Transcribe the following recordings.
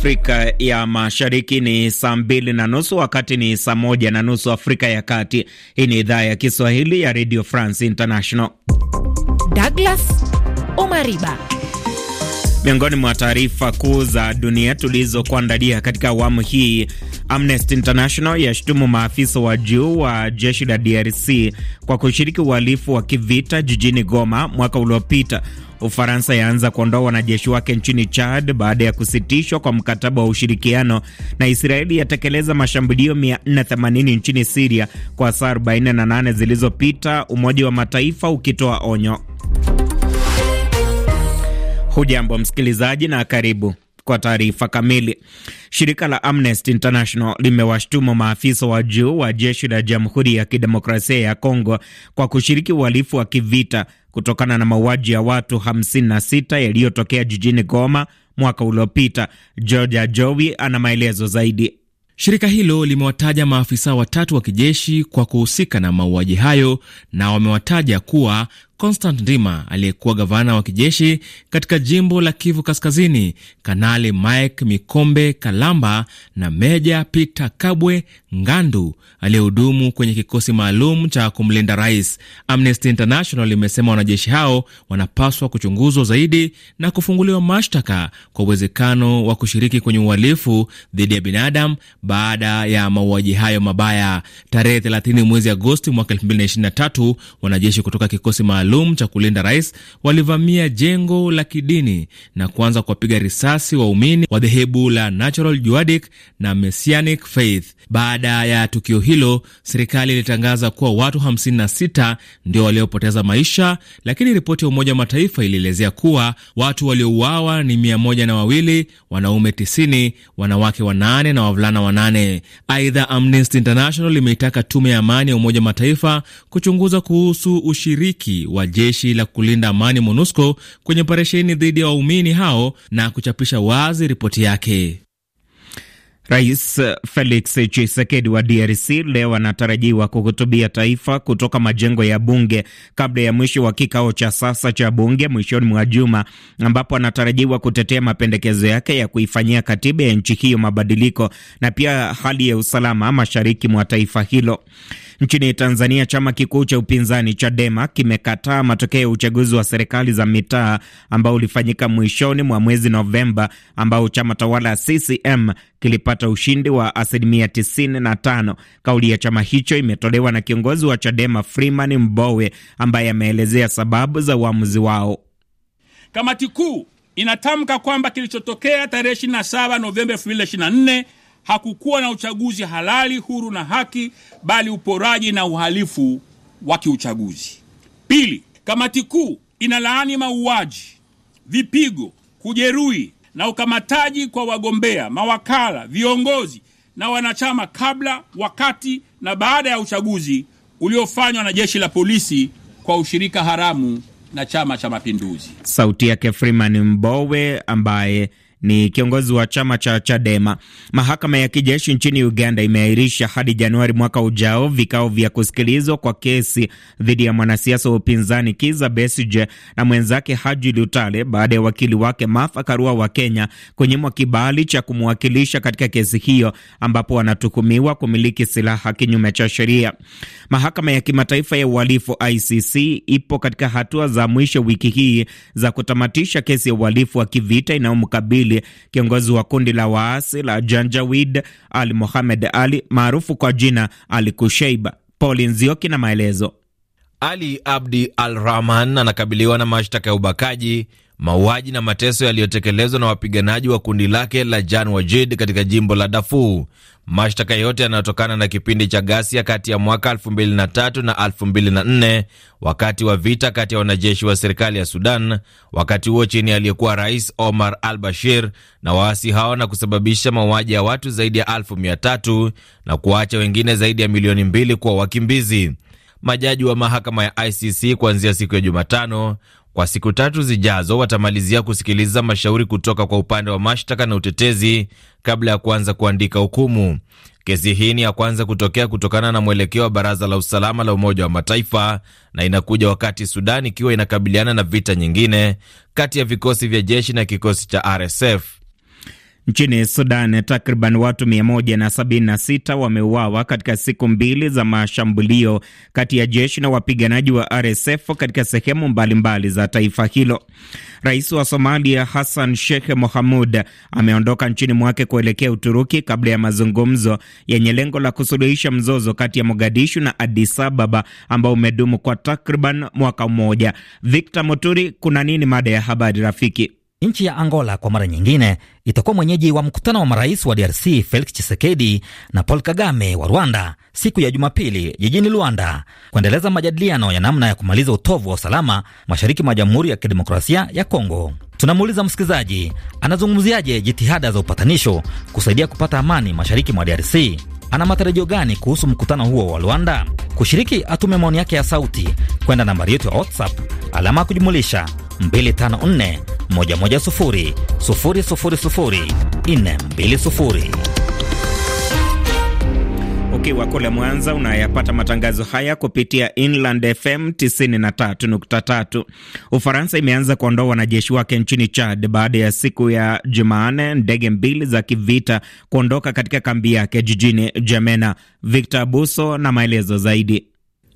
Afrika ya Mashariki ni saa mbili na nusu wakati ni saa moja na nusu Afrika ya Kati. Hii ni idhaa ya Kiswahili ya Radio France International. Douglas Omariba, miongoni mwa taarifa kuu za dunia tulizokuandalia katika awamu hii: Amnesty International yashutumu maafisa wa juu wa jeshi la DRC kwa kushiriki uhalifu wa kivita jijini Goma mwaka uliopita Ufaransa yaanza kuondoa wanajeshi wake nchini Chad baada ya kusitishwa kwa mkataba wa ushirikiano, na Israeli yatekeleza mashambulio 480 nchini Siria kwa saa 48 zilizopita, Umoja wa Mataifa ukitoa onyo. Hujambo msikilizaji na karibu kwa taarifa kamili. Shirika la Amnesty International limewashtumu maafisa wa juu wa jeshi la Jamhuri ya Kidemokrasia ya Kongo kwa kushiriki uhalifu wa kivita kutokana na mauaji ya watu 56 yaliyotokea jijini Goma mwaka uliopita. Georgia Jowi ana maelezo zaidi. Shirika hilo limewataja maafisa watatu wa kijeshi kwa kuhusika na mauaji hayo na wamewataja kuwa Constant Ndima aliyekuwa gavana wa kijeshi katika jimbo la Kivu Kaskazini, Kanali Mike Mikombe Kalamba na Meja Peter Kabwe Ngandu aliyehudumu kwenye kikosi maalum cha kumlinda rais. Amnesty International imesema wanajeshi hao wanapaswa kuchunguzwa zaidi na kufunguliwa mashtaka kwa uwezekano wa kushiriki kwenye uhalifu dhidi ya binadamu baada ya mauaji hayo mabaya. Tarehe 30 mwezi Agosti mwaka 2023 wanajeshi kutoka kikosi maalum maalum cha kulinda rais walivamia jengo la kidini na kuanza kuwapiga risasi waumini wa dhehebu la Natural Juadic na Messianic Faith. Baada ya tukio hilo, serikali ilitangaza kuwa watu 56 ndio waliopoteza maisha, lakini ripoti ya Umoja wa Mataifa ilielezea kuwa watu waliouawa ni mia moja na wawili, wanaume 90, wanawake wanane na wavulana wanane. Aidha, Amnesty International imeitaka tume ya amani ya Umoja wa Mataifa kuchunguza kuhusu ushiriki wa wa jeshi la kulinda amani MONUSCO kwenye operesheni dhidi ya waumini hao na kuchapisha wazi ripoti yake. Rais Felix Tshisekedi wa DRC leo anatarajiwa kuhutubia taifa kutoka majengo ya bunge kabla ya mwisho wa kikao cha sasa cha bunge mwishoni mwa juma, ambapo anatarajiwa kutetea mapendekezo yake ya kuifanyia katiba ya nchi hiyo mabadiliko na pia hali ya usalama mashariki mwa taifa hilo. Nchini Tanzania, chama kikuu cha upinzani Chadema kimekataa matokeo ya uchaguzi wa serikali za mitaa ambao ulifanyika mwishoni mwa mwezi Novemba, ambao chama tawala CCM kilipata ushindi wa asilimia 95. Kauli ya chama hicho imetolewa na kiongozi wa Chadema Freeman Mbowe ambaye ameelezea sababu za uamuzi wao. Kamati kuu inatamka kwamba kilichotokea tarehe 27 Novemba 2024 hakukuwa na uchaguzi halali, huru na haki, bali uporaji na uhalifu wa kiuchaguzi. Pili, kamati kuu inalaani mauaji, vipigo, kujeruhi na ukamataji kwa wagombea, mawakala, viongozi na wanachama kabla, wakati na baada ya uchaguzi uliofanywa na jeshi la polisi kwa ushirika haramu na Chama cha Mapinduzi. Sauti yake Freeman Mbowe ambaye ni kiongozi wa chama cha Chadema. Mahakama ya kijeshi nchini Uganda imeahirisha hadi Januari mwaka ujao vikao vya kusikilizwa kwa kesi dhidi ya mwanasiasa wa upinzani Kiza Besije na mwenzake Haji Lutale baada ya wakili wake Martha Karua wa Kenya kunyimwa kibali cha kumwakilisha katika kesi hiyo, ambapo wanatuhumiwa kumiliki silaha kinyume cha sheria. Mahakama ya kimataifa ya uhalifu ICC ipo katika hatua za mwisho wiki hii za kutamatisha kesi ya uhalifu wa kivita inayomkabili Jumapili, kiongozi wa kundi la waasi la Janjawid al Mohamed Ali maarufu kwa jina Ali Kusheiba. Paul Nzioki na maelezo. Ali Abdi Al Rahman anakabiliwa na mashtaka ya ubakaji, mauaji na mateso yaliyotekelezwa na wapiganaji wa kundi lake la Jan Wajid katika jimbo la dafu Mashtaka yote yanayotokana na kipindi cha ghasia kati ya mwaka 2003 na 2004 wakati wa vita kati ya wanajeshi wa serikali ya Sudan, wakati huo chini aliyekuwa rais Omar al Bashir, na waasi hao na kusababisha mauaji ya watu zaidi ya 3 na kuwaacha wengine zaidi ya milioni mbili kuwa wakimbizi. Majaji wa mahakama ya ICC kuanzia siku ya Jumatano kwa siku tatu zijazo watamalizia kusikiliza mashauri kutoka kwa upande wa mashtaka na utetezi kabla ya kuanza kuandika hukumu. Kesi hii ni ya kwanza kutokea kutokana na mwelekeo wa Baraza la Usalama la Umoja wa Mataifa na inakuja wakati Sudan ikiwa inakabiliana na vita nyingine kati ya vikosi vya jeshi na kikosi cha RSF. Nchini Sudan, takriban watu 176 wameuawa katika siku mbili za mashambulio kati ya jeshi na wapiganaji wa RSF katika sehemu mbalimbali mbali za taifa hilo. Rais wa Somalia Hassan Sheikh Mohamud ameondoka nchini mwake kuelekea Uturuki kabla ya mazungumzo yenye lengo la kusuluhisha mzozo kati ya Mogadishu na Addis Ababa ambao umedumu kwa takriban mwaka mmoja. Victor Moturi, kuna nini? Mada ya habari rafiki. Nchi ya Angola kwa mara nyingine itakuwa mwenyeji wa mkutano wa marais wa DRC Felix Tshisekedi na Paul Kagame wa Rwanda siku ya Jumapili jijini Luanda kuendeleza majadiliano ya namna ya kumaliza utovu wa usalama mashariki mwa Jamhuri ya Kidemokrasia ya Kongo. Tunamuuliza msikilizaji anazungumziaje jitihada za upatanisho kusaidia kupata amani mashariki mwa DRC. Ana matarajio gani kuhusu mkutano huo wa Luanda? Kushiriki, atume maoni yake ya sauti kwenda nambari yetu ya WhatsApp alama ya kujumulisha 254 ukiwa kule Mwanza unayapata matangazo haya kupitia Inland FM 93.3. Ufaransa imeanza kuondoa wanajeshi wake nchini Chad baada ya siku ya Jumanne ndege mbili za kivita kuondoka katika kambi yake jijini Jamena. Victor Buso na maelezo zaidi.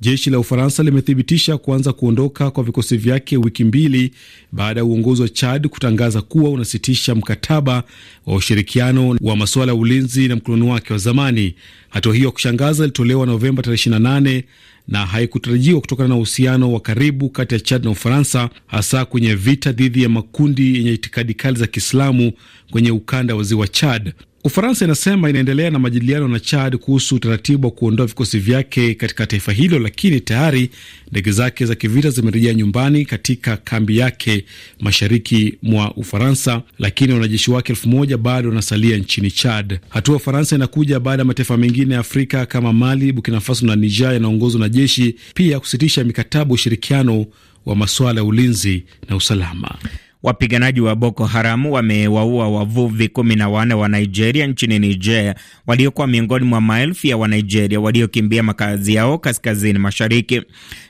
Jeshi la Ufaransa limethibitisha kuanza kuondoka kwa vikosi vyake wiki mbili baada ya uongozi wa Chad kutangaza kuwa unasitisha mkataba wa ushirikiano wa masuala ya ulinzi na mkoloni wake wa zamani. Hatua hiyo ya kushangaza ilitolewa Novemba 28 na haikutarajiwa kutokana na uhusiano wa karibu kati ya Chad na Ufaransa, hasa kwenye vita dhidi ya makundi yenye itikadi kali za Kiislamu kwenye ukanda wa ziwa Chad. Ufaransa inasema inaendelea na majadiliano na Chad kuhusu utaratibu wa kuondoa vikosi vyake katika taifa hilo, lakini tayari ndege zake za kivita zimerejea nyumbani katika kambi yake mashariki mwa Ufaransa, lakini wanajeshi wake elfu moja bado wanasalia nchini Chad. Hatua Ufaransa inakuja baada ya mataifa mengine ya Afrika kama Mali, Burkina Faso na Niger yanaongozwa na jeshi pia kusitisha mikataba ushirikiano wa masuala ya ulinzi na usalama. Wapiganaji wa Boko haram wamewaua wavuvi kumi na wanne wa Nigeria nchini Niger waliokuwa miongoni mwa maelfu ya Wanigeria waliokimbia makazi yao kaskazini mashariki.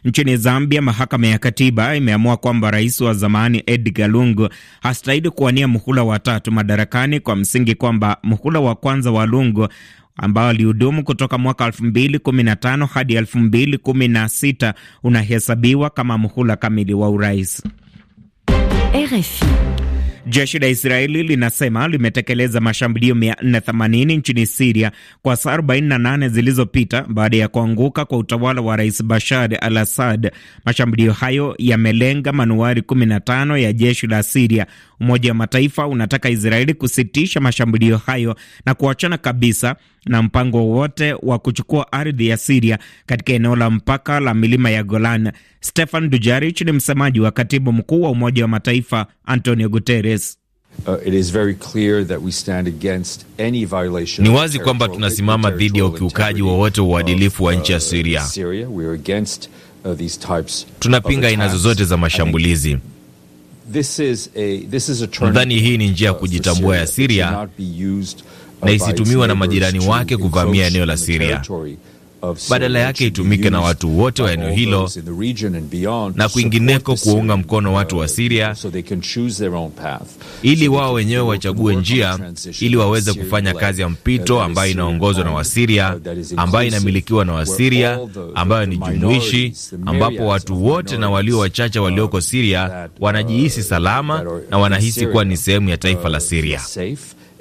Nchini Zambia, mahakama ya katiba imeamua kwamba rais wa zamani Edgar Lungu hastahili kuwania muhula wa tatu madarakani kwa msingi kwamba muhula wa kwanza wa Lungu ambao alihudumu kutoka mwaka 2015 hadi 2016 unahesabiwa kama muhula kamili wa urais. RFI. Jeshi la Israeli linasema limetekeleza mashambulio 480 nchini Siria kwa saa 48 zilizopita baada ya kuanguka kwa utawala wa Rais Bashar al Assad. Mashambulio hayo yamelenga manuari 15 ya jeshi la Siria. Umoja wa Mataifa unataka Israeli kusitisha mashambulio hayo na kuachana kabisa na mpango wowote wa kuchukua ardhi ya Siria katika eneo la mpaka la milima ya Golan. Stefan dujarich ni msemaji wa katibu mkuu wa Umoja wa Mataifa Antonio Guterres. Uh, it is very clear that we stand against any violation. Ni wazi kwamba tunasimama dhidi ya ukiukaji wowote wa uadilifu wa nchi ya uh, Syria. Uh, tunapinga aina zozote za mashambulizi. Nadhani hii ni njia ya kujitambua ya Syria na isitumiwa na majirani wake kuvamia eneo la Siria. Badala yake itumike na watu wote wa eneo hilo na kwingineko kuwaunga mkono watu wa Siria ili wao wenyewe wachague njia ili waweze kufanya kazi ya mpito ambayo inaongozwa na Wasiria, ambayo inamilikiwa na Wasiria, ambayo ni jumuishi, ambapo watu wote na walio wachache walioko Siria wanajihisi salama na wanahisi kuwa ni sehemu ya taifa la Siria.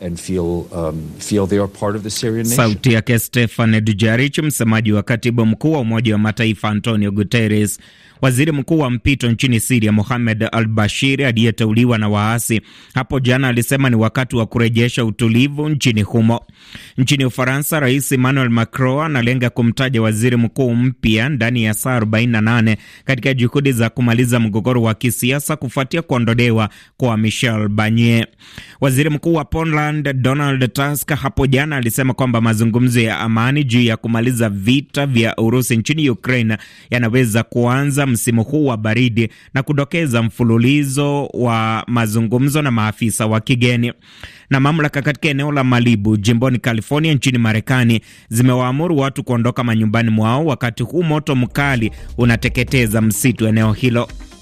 And feel, um, feel they are part of the Syrian nation. Sauti yake Stefan Dujarric, msemaji wa katibu mkuu wa Umoja wa Mataifa Antonio Guterres Waziri mkuu wa mpito nchini Siria Mohamed Al Bashir aliyeteuliwa na waasi hapo jana alisema ni wakati wa kurejesha utulivu nchini humo. Nchini Ufaransa, Rais Emmanuel Macron analenga kumtaja waziri mkuu mpya ndani ya saa 48 katika juhudi za kumaliza mgogoro wa kisiasa kufuatia kuondolewa kwa Michel Barnier. Waziri mkuu wa Poland Donald Tusk hapo jana alisema kwamba mazungumzo ya amani juu ya kumaliza vita vya Urusi nchini Ukraine yanaweza kuanza msimu huu wa baridi na kudokeza mfululizo wa mazungumzo na maafisa wa kigeni. Na mamlaka katika eneo la Malibu jimboni California nchini Marekani zimewaamuru watu kuondoka manyumbani mwao, wakati huu moto mkali unateketeza msitu eneo hilo.